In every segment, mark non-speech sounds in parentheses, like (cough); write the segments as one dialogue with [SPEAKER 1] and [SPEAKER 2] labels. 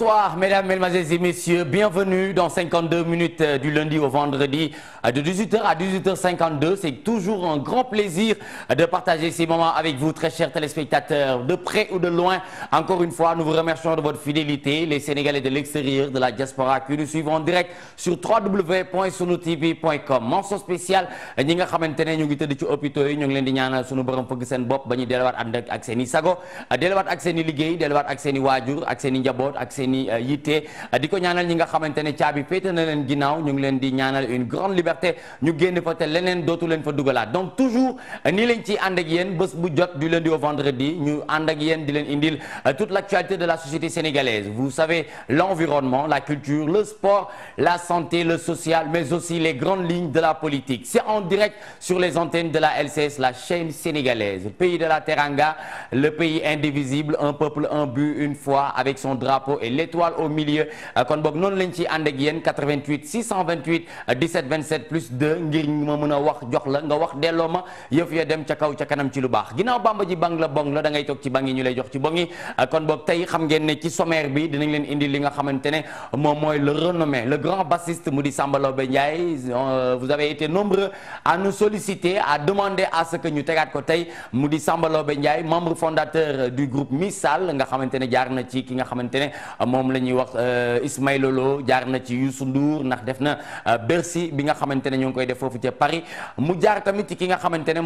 [SPEAKER 1] Bonsoir, mesdames, mesdames et messieurs. Bienvenue dans 52 minutes euh, du lundi au vendredi euh, de 18h à 18h52. C'est toujours un grand plaisir euh, de partager ces moments avec vous, très chers téléspectateurs, de près ou de loin. Encore une fois, nous vous remercions de votre fidélité, les Sénégalais de l'extérieur, de la diaspora, que nous suivons en direct sur www.sunutv.com. Mention spéciale, seeni uh, yitte uh, di ñaanal ñi nga xamantene ciabi caabi na leen ginaaw ñu ngi leen di ñaanal une grande liberté ñu génn fa té leneen dootu leen fa dugalaat donc toujours uh, ni lañ ci and ak yéen bés bu jot du lundi au vendredi ñu and ak yéen di leen indil toute l'actualité de la société sénégalaise vous savez l'environnement la culture le sport la santé le social mais aussi les grandes lignes de la politique c'est en direct sur les antennes de la LCS la chaîne sénégalaise le pays de la Teranga le pays indivisible un peuple un but une foi avec son drapeau et l'étoile au milieu euh, kon boog non lañ ci ànd ak 88 628 17 27 plus 2 ngir ma mën wax jox la nga wax delloo ma yëf ya dem ca kaw ca kanam ci lu bax. Ginaaw bamba ji bang la bong la da ngay tok ci bangi ñu lay jox ci bongi. Euh, kon boog tay xam ngeen ne ci sommaire bi dinañ leen indi li nga xamantene mom moy le renommé le grand bassiste Moudi di Ndiaye euh, vous avez été nombreux à nous solliciter à demander à ce que ñu tégat ko tay Moudi di Ndiaye membre fondateur du groupe Missal nga xamantene ne jaar na ci ki nga xamantene moom la ñuy wax euh, Ismaïla Lo jaar na ci Youssou Ndour ndax def na euh, Bercy bi nga xamante ne ñu ngi koy def foofu ca Paris mu jaar tamit ki nga xamante na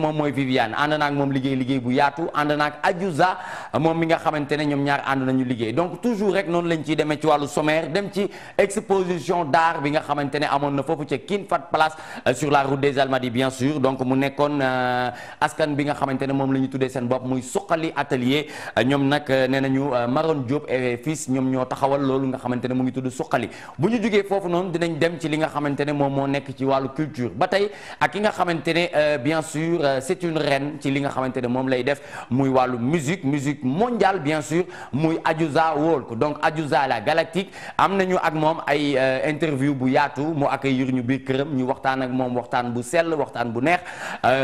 [SPEAKER 1] moom la ñu tuddee seen bopp muy suqali atelier ñoom nag euh, nee nañu Maron Diop et fils ñoom ñoo taxawal lolou nga xamantene mo ngi tuddu suqali buñu ñu fofu non dinañ dem ci li nga xamantene mom mo nek ci walu culture batay ak ki nga xamantene ne euh, bien sûr euh, c'est une reine ci li nga xamantene mom lay def muy walu musique musique mondiale bien sûr muy Adjuza Walk donc Adjuza la galactique amnañu ak mom ay euh, interview bu yaatu mo accueillir ñu bi kërëm ñu waxtaan ak mom waxtaan bu sel waxtaan bu neex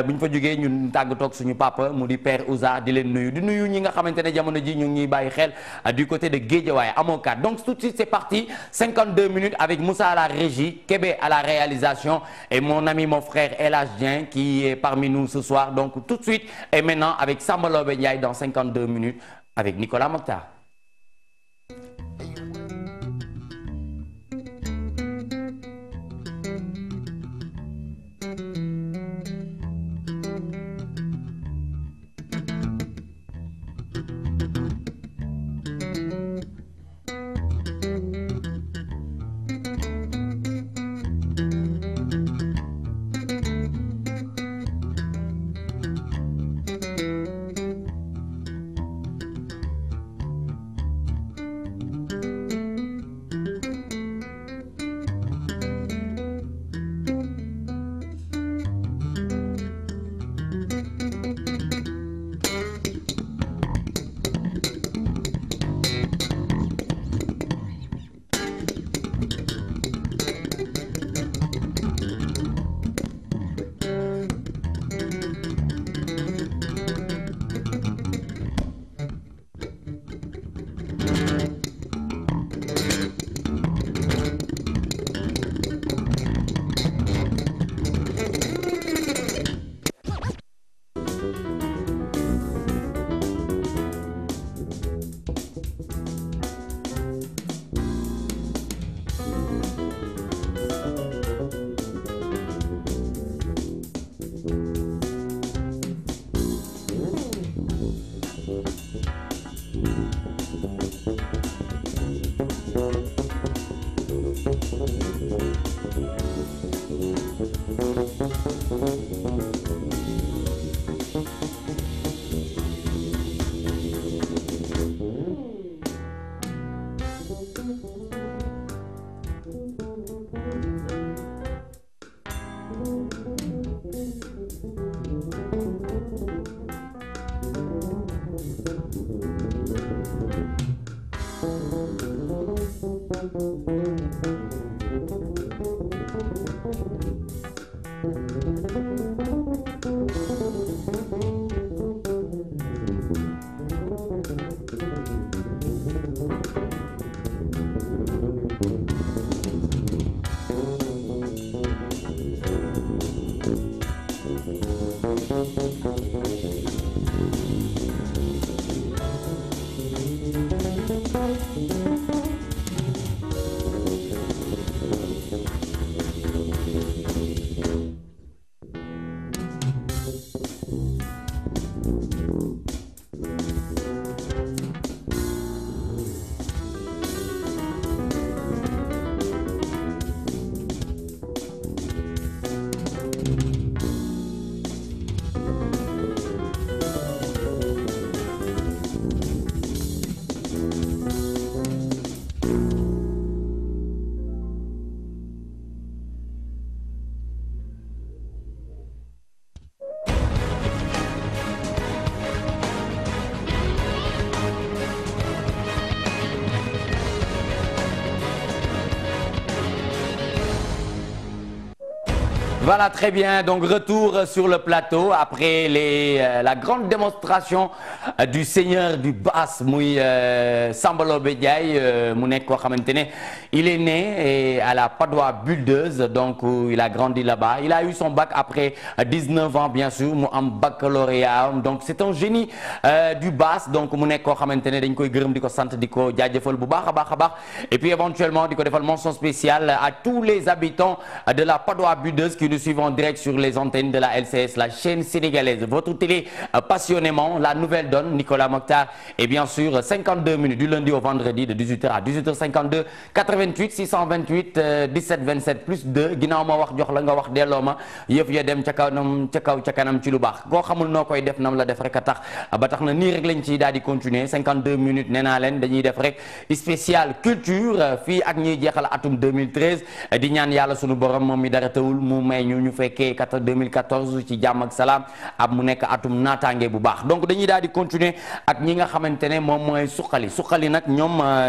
[SPEAKER 1] bu ñu fa jógee ñun tag tok suñu papa mu di père Ouza di leen nuyu di nuyu ñi nga xamantene jamono ji ñu ngi bayyi xel du côté de Guédiawaye amoo donc tout de suite, c'est parti. 52 minutes avec Moussa à la régie, Québec à la réalisation et mon ami, mon frère Eladjien qui est parmi nous ce soir. Donc tout de suite et maintenant avec Samuel Benyaï dans 52 minutes avec Nicolas Mokhtar. you. Voilà, très bien. Donc, retour sur le plateau après les, euh, la grande démonstration euh, du seigneur du bas Mouy euh, Sambalo mounek Diaye euh, mu il est né eh, à la Padoa Buldeuse donc il a grandi là-bas il a eu son bac après 19 ans bien sûr en baccalauréat donc c'est un génie du bass donc mu nek ko et puis éventuellement du ko mention spéciale à tous les habitants de la Padoa Buldeuse qui nous suivent en direct sur les antennes de la LCS la chaîne sénégalaise votre télé passionnément la nouvelle donne Nicolas Mokta et bien sûr 52 minutes du lundi au vendredi de 18h à 18h52 88 628 euh, 17 27 plus 2 ginnaaw ma wax jox la nga wax delloo ma yëf ya dem nam def nam la def rek a tax ba tax na 52 minutes Nena Len leen dañuy def rek spécial culture euh, fi ak ñuy atum 2013 di ñaan yàlla sunu borom mi mu 2014 ci jàmm ak atum Natangé bu donc dañuy Dadi continue ak ñi nga xamantene euh,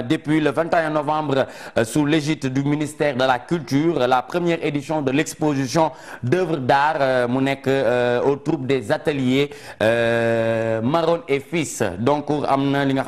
[SPEAKER 1] depuis le 21 novembre euh, sous l'égide du ministère de la culture la première édition de l'exposition d'œuvres d'art euh, mu nek au troupe des ateliers Marron et Fils donc pour li nga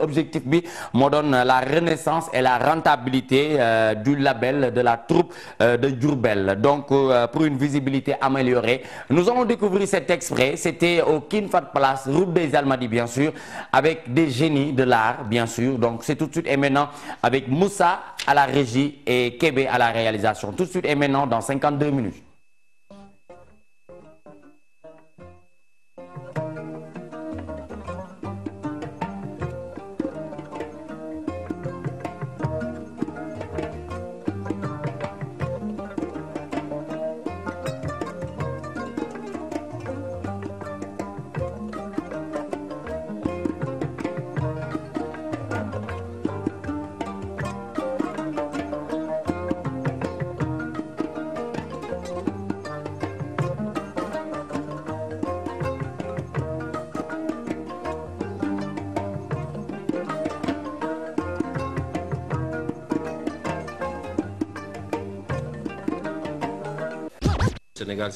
[SPEAKER 1] objectif bi la renaissance et la rentabilité du label de la troupe de Djourbel. donc pour une visibilité améliorée nous allons découvrir cet exprès, c'était au Kinfat place Palace route des Almadies bien sûr, avec des génies de l'art, bien sûr. Donc, c'est tout de suite et maintenant avec Moussa à la régie et Kébé à la réalisation. Tout de suite et maintenant dans 52 minutes.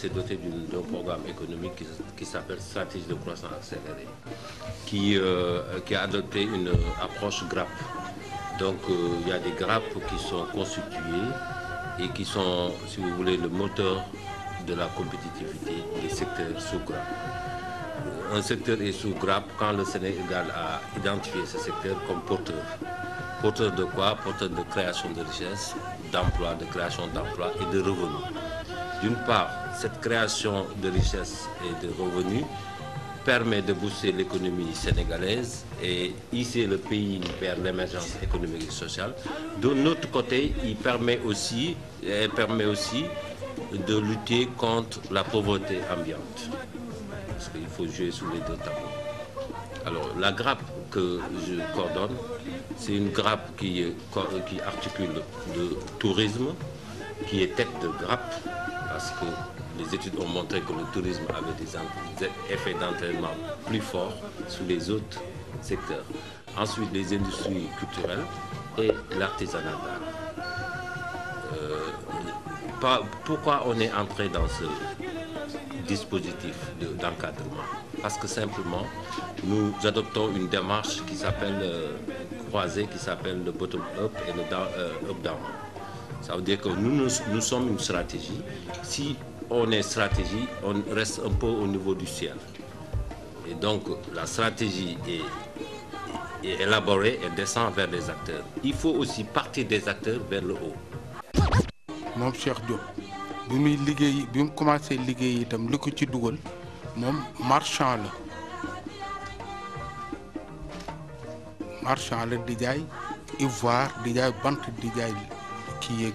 [SPEAKER 2] c'est doté d'un programme économique qui, s'appelle Stratégie de croissance accélérée, qui, euh, qui a adopté une approche grappe. Donc euh, il y a des grappes qui sont constituées et qui sont, si vous voulez, le moteur de la compétitivité des secteurs sous grappe. Euh, un secteur est sous grappe quand le Sénégal a identifié ce secteur comme porteur. Porteur de quoi Porteur de création de richesses, d'emplois, de création d'emplois et de revenus. D'une part, cette création de richesses et de revenus permet de booster l'économie sénégalaise et hisser le pays vers l'émergence économique et sociale. De notre côté, il permet aussi, permet aussi de lutter contre la pauvreté ambiante. Il faut jouer sous les deux tableaux. Alors, la grappe que je coordonne, c'est une grappe qui, qui articule le tourisme, qui est tête de grappe, parce que les études ont montré que le tourisme avait des effets d'entraînement plus forts sur les autres secteurs. Ensuite, les industries culturelles et l'artisanat. Euh, pourquoi on est entré dans ce dispositif d'encadrement Parce que simplement, nous adoptons une démarche qui s'appelle euh, croisée, qui s'appelle le bottom-up et le euh, up down ça veut dire que nous, nous, nous, sommes une stratégie. Si on est stratégie, on reste un peu au niveau du ciel. Et donc la stratégie est, élaborée et descend vers les acteurs. Il faut aussi partir des acteurs vers le haut.
[SPEAKER 3] Mon Cheikh Diop quand j'ai commencé à travailler, li ko ci dugal moom marchand le marchand le di il voit di jaay bant di qui est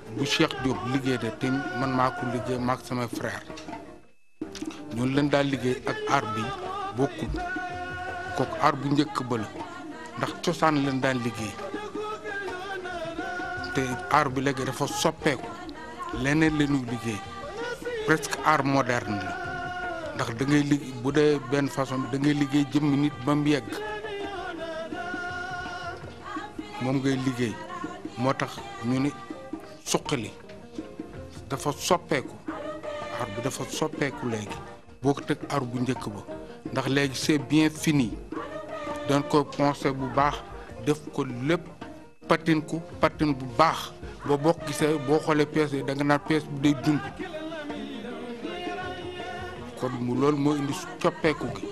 [SPEAKER 3] bu Cheikh Diop liggéey de te man maa ko liggéey maak samay frère ñun leen daal liggéey ak aar bi bokkul kooku aar bu njëkk ba la ndax cosaan leen daan liggéey te aar bi léegi dafa soppeeku leneen la liggéey presque aar moderne la ndax da ngay liggéey bu dee benn façon dangay liggéey jëmmi nit ba mu yegg moom ngay liggéey moo tax ñu ni suqali dafa soppeeku aar bi dafa soppeeku léegi boo ko teg aar bu njëkk ba ndax léegi c'est bien fini dañ koy poncer bu baax def ko lépp patin patin bu baax ba boo gisee boo xoolee pièce yi da nga naan pièce bi day dund kon mu loolu moo indi soppeeku gi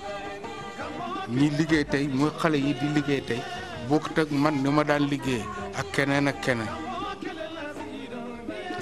[SPEAKER 3] ñi liggéey tey mooy xale yi di liggéey tey boo ko teg man ni ma daan liggéey ak keneen ak keneen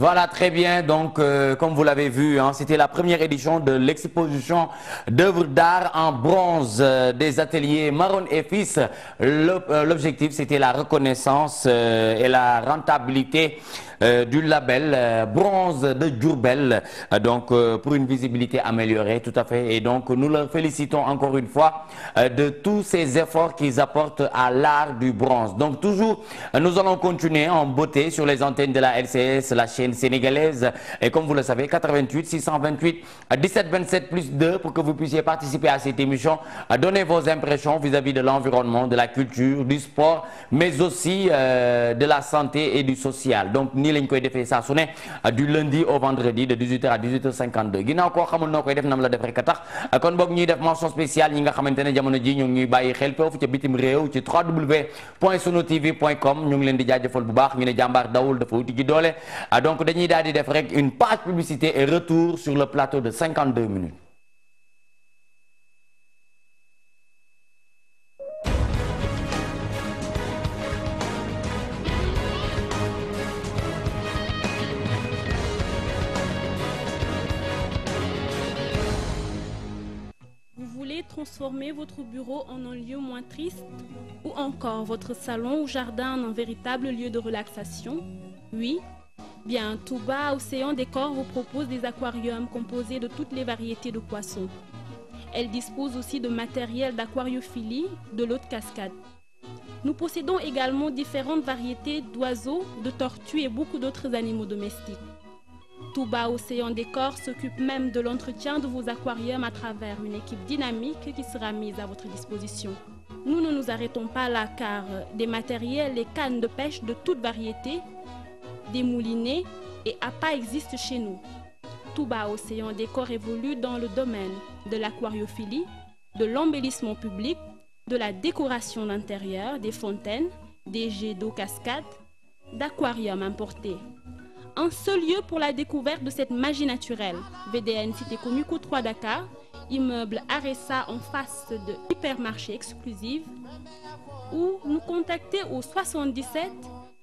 [SPEAKER 1] Voilà, très bien. Donc, euh, comme vous l'avez vu, hein, c'était la première édition de l'exposition d'œuvres d'art en bronze euh, des ateliers Maron et Fils. Euh, l'objectif, c'était la reconnaissance et la rentabilité euh, du label euh, bronze de Djourbel, euh, donc pour une visibilité améliorée, tout à fait. Et donc, nous leur félicitons encore une fois de tous ces efforts qu'ils apportent à l'art du bronze. Donc, toujours, nous allons continuer en beauté sur les antennes de la LCS, la chaîne sénégalaise. Et comme vous le savez, 88 628 1727 plus 2 pour que vous puissiez participer à cette émission. donner vos impressions vis-à-vis de l'environnement, de la culture, du sport, mais aussi de la santé et du social. Donc, ni nii koy defee saa su ne du lundi au vendredi de 18h à 18 koo xamul noo koy def nam la def rek a kon boog ñuy def mention spéciale ñi nga xamante ne jamono ji ñu ngi bàyyi xel foofu ca bitim réew ci www.sunutv.com ñu ngi leen di jaajëfal bu baax ñu ne dawul dafa wuti gi doole ah, donc dañuy daal di def rek une page publicité et retour sur le plateau de minutes
[SPEAKER 4] transformer votre bureau en un lieu moins triste ou encore votre salon ou jardin en un véritable lieu de relaxation Oui Bien, Touba Océan Décor vous propose des aquariums composés de toutes les variétés de poissons. Elle dispose aussi de matériel d'aquariophilie de l'eau de cascade. Nous possédons également différentes variétés d'oiseaux, de tortues et beaucoup d'autres animaux domestiques. Touba Océan Décor s'occupe même de l'entretien de vos aquariums à travers une équipe dynamique qui sera mise à votre disposition. Nous ne nous arrêtons pas là car des matériels et cannes de pêche de toute variété, des moulinets et appâts existent chez nous. Touba Océan Décor évolue dans le domaine de l'aquariophilie, de l'embellissement public, de la décoration d'intérieur, des fontaines, des jets d'eau cascade, d'aquariums importés un seul lieu pour la découverte de cette magie naturelle. VDN Cité Comico 3 Dakar, immeuble Aressa en face de hypermarché exclusive, ou nous contacter au 77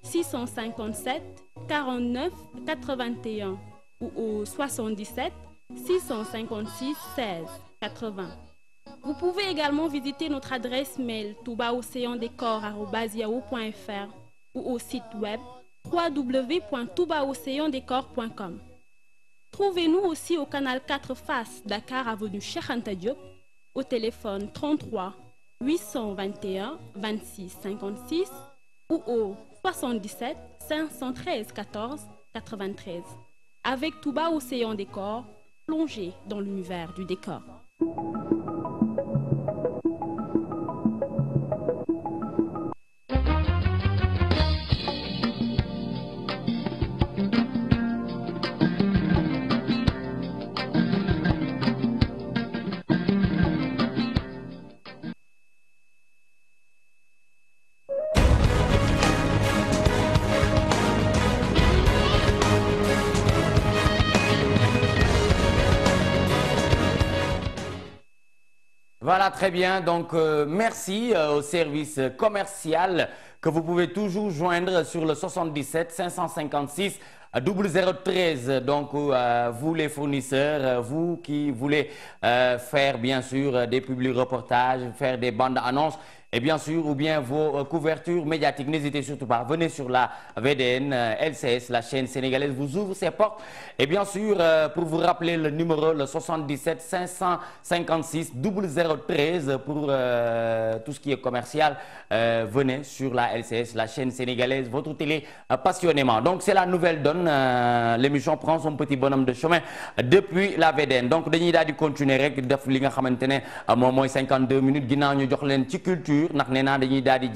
[SPEAKER 4] 657 49 81 ou au 77 656 16 80. Vous pouvez également visiter notre adresse mail toubaocéandécor.fr ou au site web www.toubaocéandécor.com. Trouvez-nous aussi au canal 4 Face, Dakar avenue Cheikh Diop, au téléphone 33 821 26 56 ou au 77 513 14 93. Avec Touba Océan Décor, plongez dans l'univers du décor.
[SPEAKER 1] très bien. Donc, euh, merci euh, au service commercial que vous pouvez toujours joindre sur le 77 556 0013. Donc, euh, vous les fournisseurs, vous qui voulez faire, bien sûr, des publics reportages, faire des bandes annonces, et bien sûr, ou bien vos euh, couvertures médiatiques. N'hésitez surtout pas, venez sur la VDN, euh, LCS, la chaîne sénégalaise vous ouvre ses portes. Et bien sûr, euh, pour vous rappeler le numéro, le 77 556 0013 pour tout ce qui est commercial, venez sur la LCS, la chaîne sénégalaise, votre télé passionnément. Donc c'est la nouvelle donne, l'émission prend son petit bonhomme de chemin depuis la VDN. Donc Denis daal du continuer rek def li nga 52 minutes Guinan, New jox culture culture ndax nee naa dañuy 2013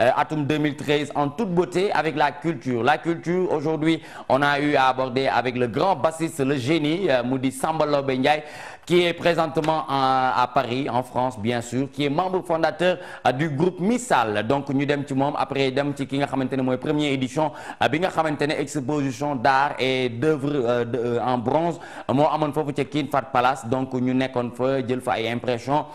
[SPEAKER 1] euh, en toute beauté avec la culture la culture aujourd'hui on a eu à aborder avec le grand bassiste le génie euh, Moudi di Benyai, qui est présentement à Paris en France bien sûr qui est membre fondateur euh, du groupe Missal donc nous dem ci après nous ci ki nga première édition bi nga exposition d'art et d'œuvres en bronze Nous amoon foofu ca de la Palace donc nous nekkoon fa jël fa ay impression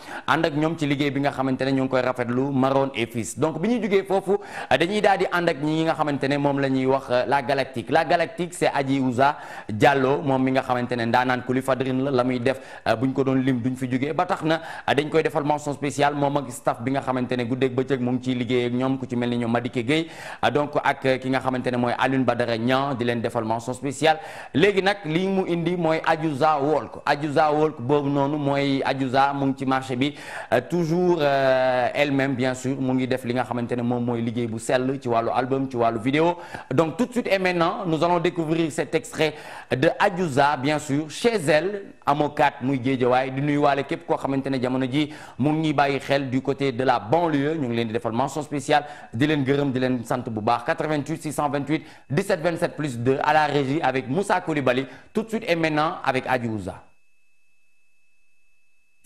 [SPEAKER 1] rafetlu Maroon et Fils donc bi ñuy jógee foofu dañuy daal di ànd ak ñi nga xamante ne moom la wax euh, la galactique la galactique c'est Adji Ouza Diallo moom mi nga xamante ne ndaanaan ku li fadrin la muy def euh, buñ ko doon lim duñ fi jógee ba tax na euh, dañ koy defal spéciale moom ak staff bi nga xamante ne guddeeg bëccëg mu ngi ciy ñoom ku ci mel ni ñoom Madike Gueye donc ak ki nga xamante ne mooy Alioune Badara Niang di leen defal spéciale léegi nag même bien sûr mu def li nga xamante ne moom mooy liggéey bu tu ci le album ci vidéo donc tout de suite et maintenant nous allons découvrir cet extrait de Adjouza, bien sûr chez elle à mokat géejawaay di de nous koo l'équipe quoi jamono ji mu ngi du côté de la banlieue Nous ngi leen di mention spéciale di leen gërëm di 88 628 1727 plus 2 à la régie avec Moussa Koulibaly tout de suite et maintenant avec Adjouza.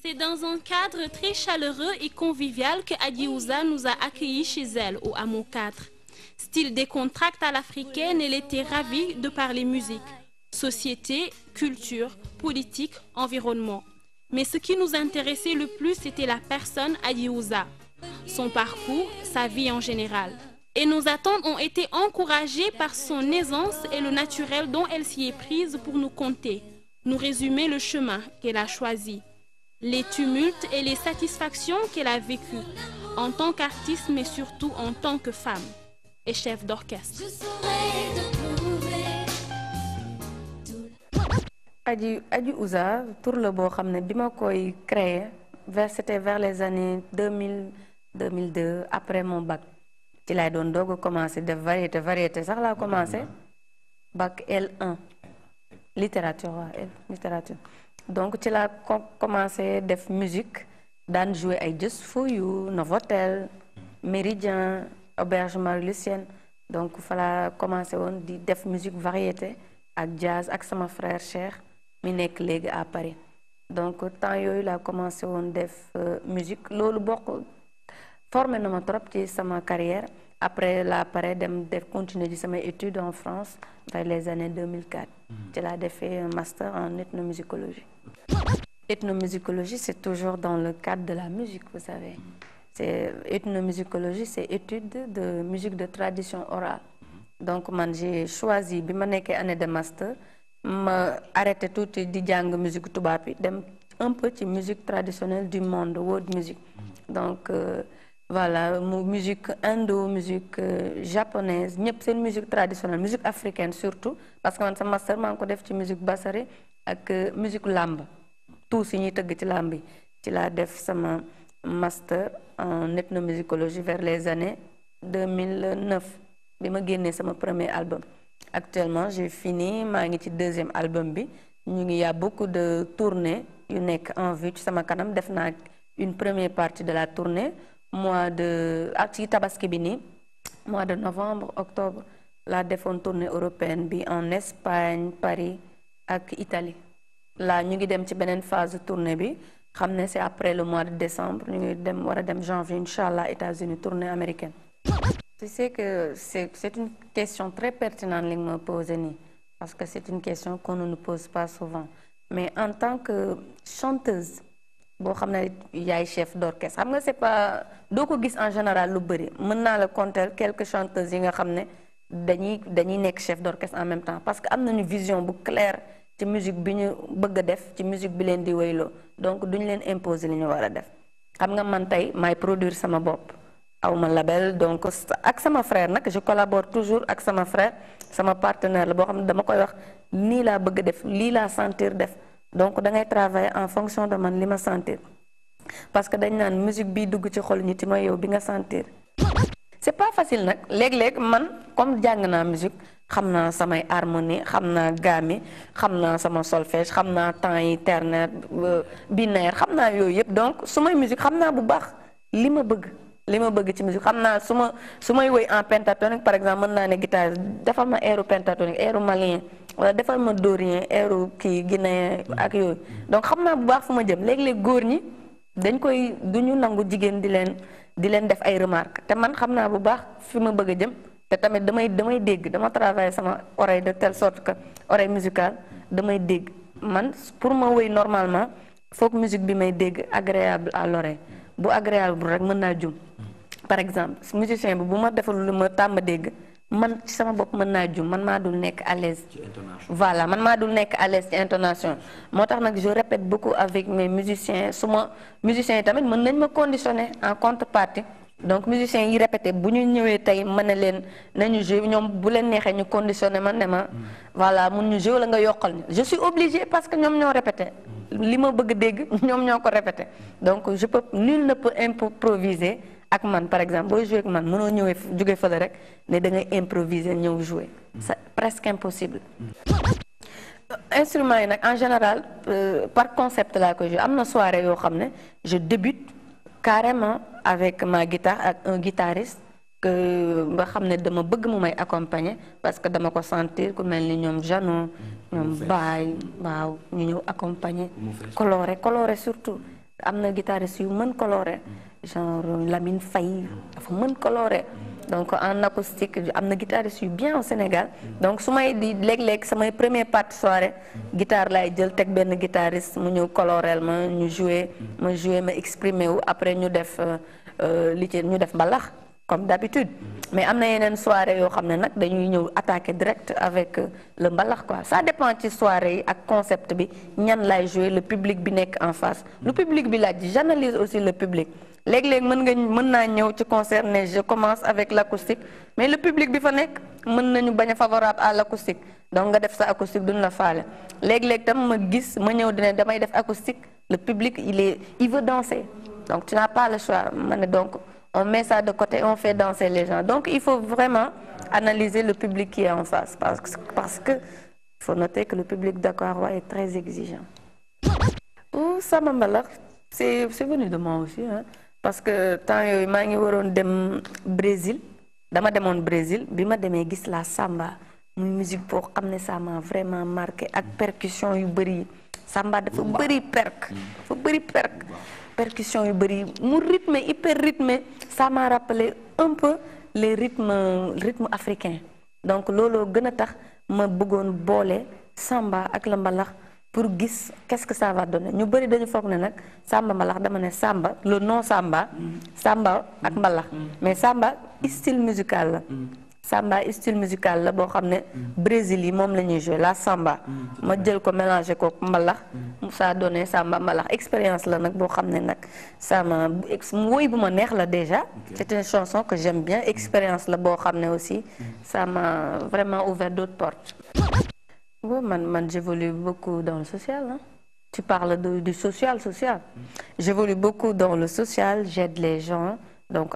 [SPEAKER 4] C'est dans un cadre très chaleureux et convivial que Adiouza nous a accueillis chez elle, au Hamon 4. Style décontracté à l'africaine, elle était ravie de parler musique, société, culture, politique, environnement. Mais ce qui nous intéressait le plus, c'était la personne Adiouza, son parcours, sa vie en général. Et nos attentes ont été encouragées par son aisance et le naturel dont elle s'y est prise pour nous compter, nous résumer le chemin qu'elle a choisi les tumultes et les satisfactions qu'elle a vécues en tant qu'artiste mais surtout en tant que femme et chef d'orchestre.
[SPEAKER 5] Adi Adi Ouza tur la boo xam ne koy créer vers c'était vers les années 2000 2002 après mon bac ci a doon dogo commencé de variété variété sax la commencé bac L1 littérature L littérature donc tu as commencé la musique dans jouer ay Just for You Novotel Méridien Auberge Marie-Lucienne donc tu as commencé à di la musique variété avec jazz avec mon frère cher, mi nekk à Paris donc temps il à commencé de la euh, musique C'est bokk formé na ma trop ci carrière après la parade, dem continué études en France vers les années 2004 J'ai mhm. fait un master en ethnomusicologie ethnomusicologie c'est toujours dans le cadre de la musique vous savez mhm. c'est ethnomusicologie c'est étude de musique de tradition orale mhm. donc j'ai choisi depuis ma année de master ma arrêté de di musique bi un peu musique traditionnelle du monde world music donc euh, voilà musique indo musique euh, japonaise c'est une musique traditionnelle musique africaine surtout parce que man master maa musique basare ak euh, musique lambe. tout si qui est ci làmb ci master en ethnomusicologie vers les années 2009 bi ma premier album actuellement j'ai fini ma deuxième album Il y a beaucoup de tournées yu en vue ci sama une première partie de la tournée mois de ah, mois de novembre octobre la defoon tournée européenne bi en Espagne Paris et Italie la ñu ngi dem ci benen phase tournée bi xamné c'est après le mois de décembre ñu ngi dem dem janvier inshallah États-Unis tournée américaine. tu sais que c'est une question très pertinente que me me pose, parce que c'est une question qu'on ne nous pose pas souvent mais en tant que chanteuse boo xam ne chef d'orchestre xam nga c'est pas doo ko gis en général lu beuri. mën naa la compter quelques chanteuses yi nga xamné dañuy dañuy nekk chef d'orchestre en même temps parce que amna une vision bu claire ci musique bi ñu bëgg def ci musique bi leen di wëylo. donc duñ leen imposer li ñu war def xam nga man tay may produire sama bop. Awma label donc ak sama frère nak je collabore toujours ak sama frère sama partenaire bo xamné dama koy wax ni la bëgg def li la sentir def donc da ngay travailler en fonction de man li ma sentir parce que dañ naan musique bii dugg ci xol c'est mooy yow bi nga sentir. c'est pas facile nag léeg-léeg man comme jàng musique xam naa m'a harmonie xam naa gamme xam naa sama solfège xam naa temps éternel, euh, binaire xam naa yooyu yëpp donc su may musique xam naa bu baax li ma bëgg. li ma bëgg ci musique xam naa su ma su may woy en pentatonique par exemple mën naa ne guitare dafa ma airu pentatonique airu malien. Euh, defal ma dorien euro kii Guinée ak mm. yooyu donc xam naa bu baax fu ma jëm léeg-léeg góor ñi dañ koy du ñu nangu jigéen di leen di leen def ay remarque te man xam naa bu baax fi ma bëgg a jëm te tamit damay damay dégg dama travailler sama oreille de telle sorte que oreille musicale damay dégg man pour ma woy normalement foog musique bi may dégg agréable à l'oreille bu agréable rek mën naa jum mm. par exemple musicien bi bu ma defal lu ma tàmm dégg man ci sama bopp man na djum man ma dul nek à l'aise voilà man ma dul nek à l'aise ci intonation motax nak je répète beaucoup avec mes musiciens suma musiciens tamit mën nañ ma conditionner en contrepartie donc musiciens yi répété bu ñu ñëwee tey mën na nañu jouer ñom bu len nexé ñu conditionner man néma mm. voilà mun ñu jouer la nga yokkal je suis obligé parce que ñom ñoo répété mm. li ma bëgg dégg (laughs) ñom ñoko répété donc je peux nul ne peut improviser ak man par exemple booy joué ak man mënoo ñëwee jóge fële rek ne da ngay improviser ñëw jouer c'est presque impossible euh, Instrument, yi en général euh, par concept là que je, am soirée yoo xam je débute carrément avec ma guitare ak un guitariste que je xam dama bëgg mu accompagner parce que dama ko sentir ku mel ni ñoom Jano ñoom Baye ñu ñëw accompagner coloré coloré surtout am na guitariste yu coloré mm genre euh, Lamine Faye faut coloré donc en acoustique am guitariste bien au Sénégal donc si je di leg, c'est samay premier part soirée guitare laay jël teg ben guitariste mu ñëw colorel ma ñu jouer jouer après nous def euh, euh, li nous def comme d'habitude mais am une yeneen soirée yoo xam nak, attaquer direct avec le mbalax quoi ça dépend de la soirée à ak concept bi ñan joué, le public bi en face. le public bi dit, j'analyse aussi le public. Les gens, mën nga mën je commence avec l'acoustique, mais le public bi fa favorable à l'acoustique. donc nga def sa acoustique duñ la qui léeg tam ma le public il est il veut danser donc tu n'as pas le choix donc on met ça de côté on fait danser les gens donc il faut vraiment analyser le public qui est en face parce que parce que faut noter que le public d'Aquaroa est très exigeant. Ouh, m'a malheur. c'est venu de moi aussi hein parce que tant je suis ngi au Brésil dama au Brésil la samba une musique pour amener ça m'a vraiment marqué ak percussion yu samba dafa perc perc mm. percussion yu mon rythme hyper rythmé, ça m'a rappelé un peu les rythmes rythme africain donc lolo gën tax ma que samba et la pour voir qu'est-ce que ça va donner ñu bëri dañu de ne nag sàmba dama ne Samba, le nom Samba, mm. Samba ak Malak. Mm. mais Samba, style musical mm. samba style musical la boo xam ne Brésil yi la la samba ma jël ko mélangé ko Malak, ça donné samba Malak. expérience la expérience, boo xam ne nag sama woy bu déjà c'est une chanson que j'aime bien expérience la boo xam ne aussi ça m'a vraiment ouvert d'autres portes oui, j'évolue beaucoup dans le social. Hein. Tu parles du social, social. J'évolue beaucoup dans le social, j'aide les gens. Donc,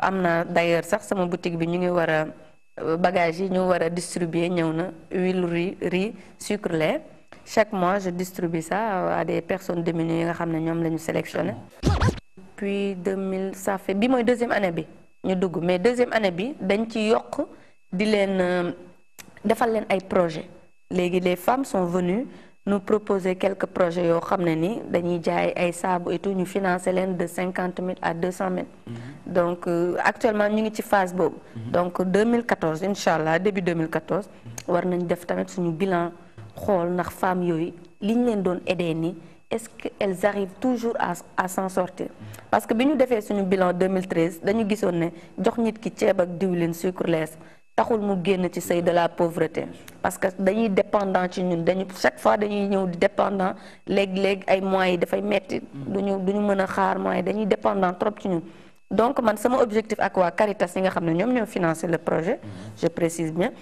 [SPEAKER 5] d'ailleurs, ça, c'est mon boutique, nous avons euh, bagages, nous avons distribué, nous huile, riz, sucre, lait. Chaque mois, je distribue ça euh, à des personnes démunies, nous avons sélectionné. Puis 2000, ça fait, bi mon deuxième année, nous mais deuxième année, nous avons fait des projets les femmes sont venues nous proposer quelques projets Nous xam financé ni dañuy et financer de 50 mètres à 200 mètres. Mm-hmm. donc euh, actuellement nous sommes en phase boobu. Mm-hmm. donc 2014 début 2014. nous mm-hmm. nañ def un bilan pour femmes les femmes est-ce qu'elles arrivent toujours à s'en sortir. parce que nous avons fait un bilan en 2013 dañu gisoon que jox nit ki ont ak diwlin sucre taxul mu génn ci seuil de la pauvreté parce que dañuy dépendant ci ñun dañu chaque fois dañuy ñëw di dépendant lég lég ay moyens da fay metti mm. duñu duñu mëna xaar moyens dañuy dépendant trop ci ñun donc man sama objectif ak waa Caritas yi nga xam ñom ñoom ñoo financer le projet mm. je précise bien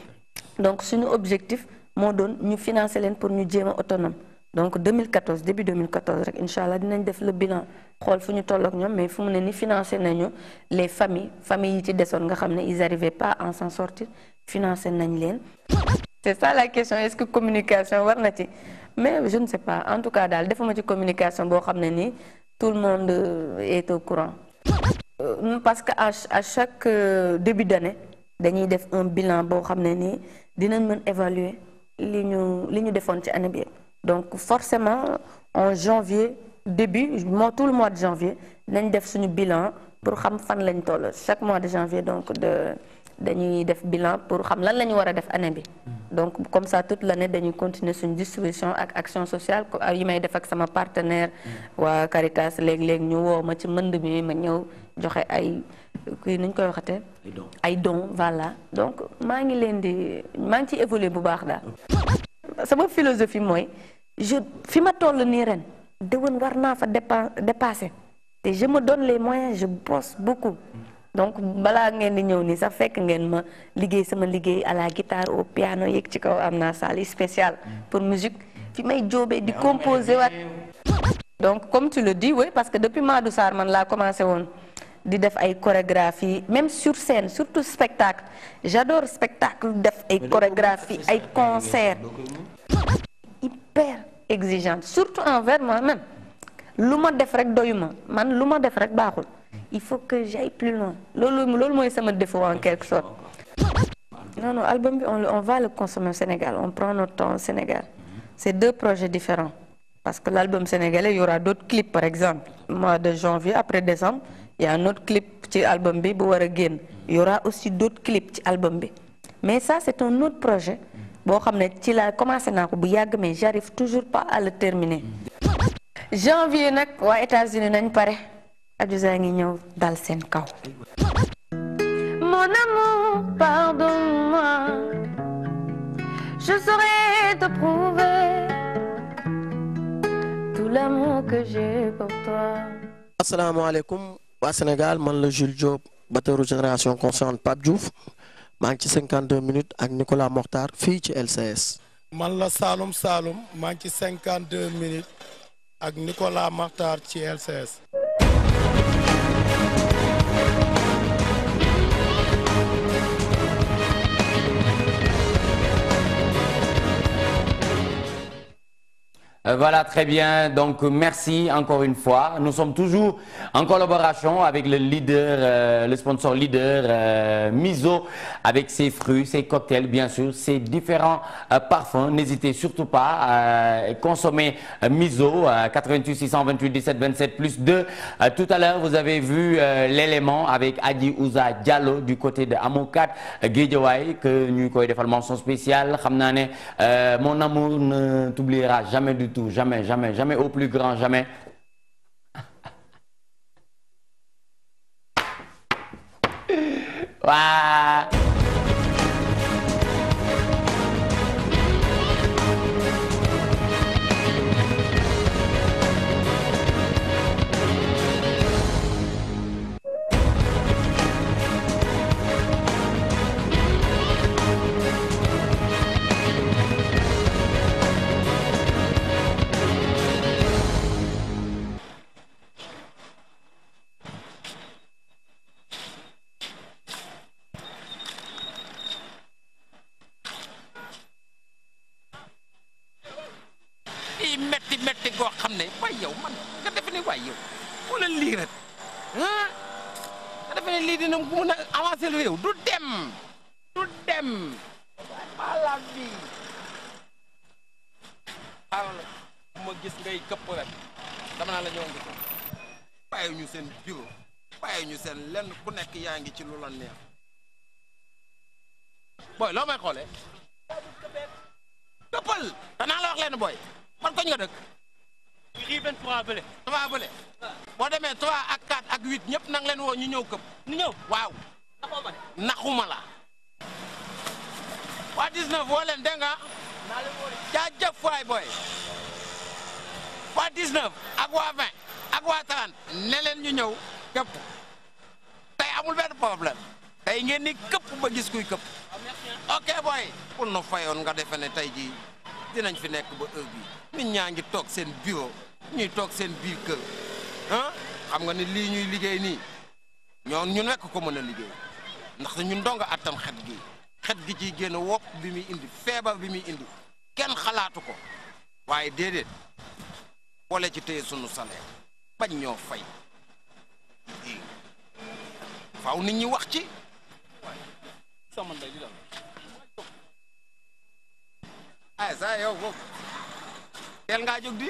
[SPEAKER 5] donc suñu objectif mo doon ñu financer len pour ñu jéem autonome donc 2014 début 2014 Inch'Allah, incha dinañ le bilan Nous fu tout le bilan, mais fu mu financé les familles les familles qui ci ils arrivaient pas à s'en sortir financé nañ c'est ça la question est-ce que la communication est na mais je ne sais pas en tout cas dans defuma ci communication boo la communication, tout le monde euh, est au courant. Euh, parce qu'à chaque euh, début d'année dañuy fait un bilan boo xam ne dinañ évaluer ligne, ñu li donc forcément en janvier début tout le mois de janvier nous def un bilan pour xam fan lañ chaque mois de janvier donc de dañuy def bilan pour xam lan la nous a def année donc comme ça toute l'année dañuy continuer une distribution avec action sociale ah, yi may def ak sama partenaire waa Caritas léeg-léeg ñu woo ma ci mënd ma voilà donc je ngi leen beaucoup. C'est ngi ci évoluer bu philosophie je fi ma toll ni ren déwén war fa dépasser Et je me donne les moyens je bosse beaucoup donc bala ngeen ni ñew ni sax fekk ngeen ma liggéey sama liggéey à la guitare au piano yek ci kaw amna salle spéciale pour musique fi may jobé di composer donc comme tu le dis oui parce que depuis Madou Sar man la commencé won di def ay chorégraphie même sur scène surtout spectacle j'adore spectacle def ay chorégraphie ay concert exigeante surtout envers moi-même l'humain des def rek man l'humain def il faut que j'aille plus loin loolu loolu c'est sama défaut en quelque sorte non non album on, va le consommer au Sénégal on prend notre temps au Sénégal c'est deux projets différents parce que l'album sénégalais il y aura d'autres clips par exemple mois de janvier après décembre il y a un autre clip ci album bi il y aura aussi d'autres clips album B mais ça c'est un autre projet boo xam ci la commencé à bu yàgg mais j'arrive toujours pas à le terminer. janvier nak wa États-Unis nañ pare Adiouza ngi ñëw dal sen kaw. Mon amour, pardonne-moi, je saurais te prouver tout l'amour que j'ai pour toi. alaikum
[SPEAKER 6] wa Sénégal man le Jules Diop de génération concernant Pape Diouf. maa ngi ci 52 minutes ak Nicolas Mokhtar fii ci LCS.
[SPEAKER 3] man la Saloum Saloum maa ngi ci 52 minutes ak Nicolas Mokhtar ci LCS.
[SPEAKER 1] Euh, voilà, très bien. Donc, merci encore une fois. Nous sommes toujours en collaboration avec le leader, euh, le sponsor leader euh, Miso, avec ses fruits, ses cocktails, bien sûr, ses différents parfums. N'hésitez surtout pas à consommer Miso, 88 628 17 27 plus 2. tout à l'heure, vous avez vu l'élément avec Adi Ouza Diallo du côté de Amokat Guédiouaï, que nous avons fait mention spéciale. Mon amour ne t'oubliera jamais du tout jamais, jamais, jamais au plus grand, jamais. (laughs)
[SPEAKER 6] na bu mun gis ngay këpp rek ñu seen bureau bàyyi ku nekk yaa ngi ci lu la neex booy loo may xoolee këppal danaa la wax leen booy man koñ nga dëkk rue 23 bële 3 bële boo demee 3 ak 4 ak 8 ñëpp nang leen woo ñu ñëw këpp wow, na waaw naxuma la waa 19 woo leen denga, nga jaajëf waay boy, waa 19 ak waa 20 ak waa 30 ne leen ñu ñëw këpp tey amul benn problème tey ngeen ni këpp ba gis kuy këpp ah, ok boy, pour no fayoon nga defe ne tey jii dinañ fi nekk ba heure bi nit ñaa ngi toog seen bureau ñuy toog seen biir kër xam nga ne lii ñuy liggéey nii ñoon ñu nekk ko mën a liggéey ndax ñun dong attam xet gi xet gi ci génn wopp bi muy indi feebar bi muy indi kenn xalaatu ko waaye déedéet boole ci téye sunu salaire bañ ñoo fay faw ni ñu wax ci ay eh, saa yow foofu teel jóg di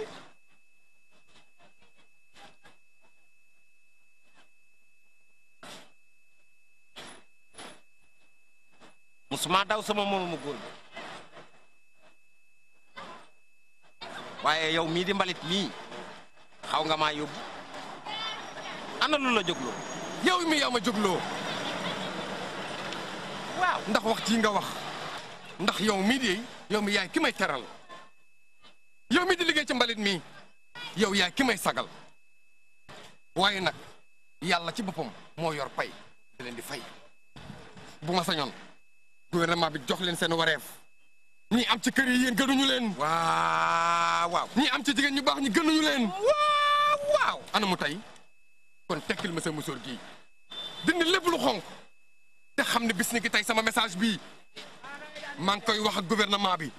[SPEAKER 6] musuma daw sama moromu mu bi waye yow mi di mbalit mi xaw nga ma yob ana lu la joglo yow mi yow ma jógloo waaw ndax wax
[SPEAKER 7] ci nga wax ndax yow mi di yow mi yaay ki may teral yow mi di liggéey ci mbalit mi yow yaay ki may sagal waye nak, yalla ci boppam mo yor pay di leen di fay buma sañon gouvernement bi jox len sen waref ñi am ci kër yi yéen gënuñu len waaw waaw ñi am ci jigéen ñu bax ñi gënuñu len waaw waaw. ana mu tay kon tekkil ma sa monsieur gi dindi lepp lu xonk te xam bis ni ki tay sama message bi
[SPEAKER 6] maa koy wax ak gouvernement bi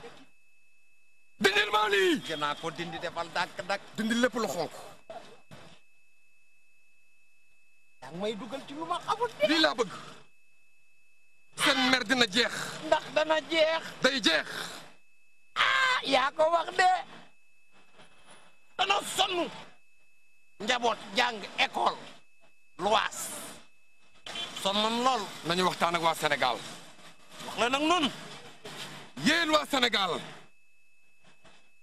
[SPEAKER 6] dindil ma lii. gëna ko dindi defal dak dak dindi lepp lu xonk. yang may duggal ci lu ma xamul. lii la bëgg sen mer dina jeex. ndax dana jeex. day jeex. ah ya ko wax de dana sonu njabot jang école.
[SPEAKER 7] luwaas. sonu lol nañu waxtan ak wa senegal wax la nak noonu. yeen wa senegal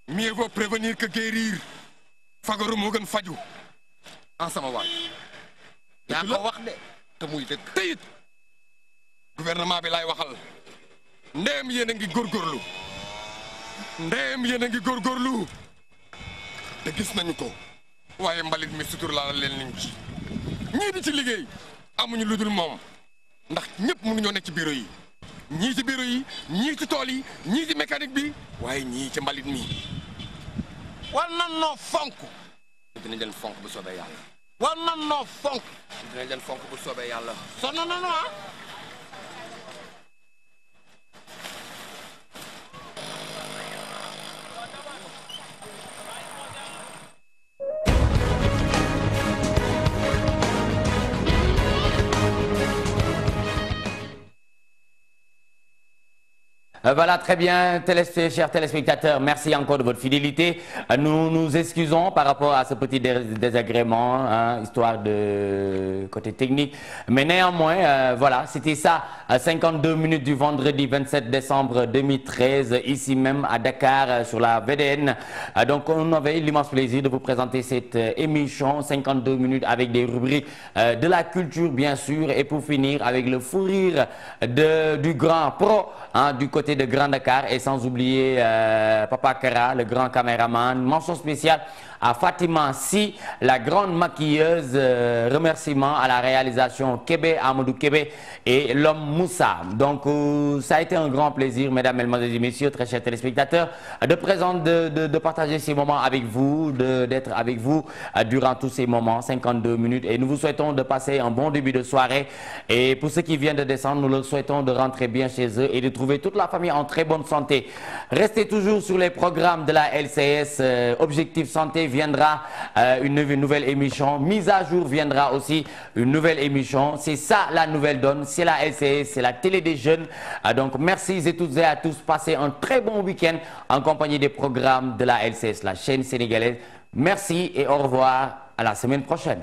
[SPEAKER 7] mieux vaut prévenir que guérir. fagaru mo gën faju. en sama waay. ya ko wax de te muy de gouvernement bi laay waxal ndéem yéen a ngi góorgóorlu ndéem yéen a ngi góor góorlu te gis nañu ko waaye mbalit mi sutur laa leen niñ ci ñii di ci liggéey amuñu lu dul moom ndax ñëpp mënuñoo nekk ci bureau yi ñii ci bureau yi ñii ci tool yi ñii ci mécanique bi waaye ñii ci mbalit mi
[SPEAKER 6] war nan noo fonk
[SPEAKER 7] dinañ leen fonk bu soobee yàlla
[SPEAKER 6] war nan noo fonk
[SPEAKER 7] dinañ leen fonk yàlla
[SPEAKER 1] Euh, voilà, très bien, chers téléspectateurs, merci encore de votre fidélité. Euh, nous nous excusons par rapport à ce petit désagrément, hein, histoire de côté technique. Mais néanmoins, euh, voilà, c'était ça, 52 minutes du vendredi 27 décembre 2013, ici même à Dakar, sur la VDN. Donc, on avait l'immense plaisir de vous présenter cette émission, 52 minutes avec des rubriques de la culture, bien sûr, et pour finir, avec le fou rire du grand pro hein, du côté de Grand Dakar et sans oublier euh, Papa Kara, le grand caméraman. Mention spéciale à Fatima Si, la grande maquilleuse. Remerciements euh, remerciement à la réalisation Kébé, Amadou Kébé et l'homme Moussa. Donc, euh, ça a été un grand plaisir, mesdames, et messieurs, très chers téléspectateurs, de, présenter, de, de, partager ces moments avec vous, d'être avec vous durant tous ces moments, 52 minutes. Et nous vous souhaitons de passer un bon début de soirée. Et pour ceux qui viennent de descendre, nous leur souhaitons de rentrer bien chez eux et de trouver toute la famille en très bonne santé. Restez toujours sur les programmes de la LCS. Euh, Objectif Santé viendra euh, une nouvelle émission. Mise à jour viendra aussi une nouvelle émission. C'est ça la nouvelle donne. C'est la LCS, c'est la télé des jeunes. Ah, donc merci et toutes et à tous. Passez un très bon week-end en compagnie des programmes de la LCS, la chaîne sénégalaise. Merci et au revoir à la semaine prochaine.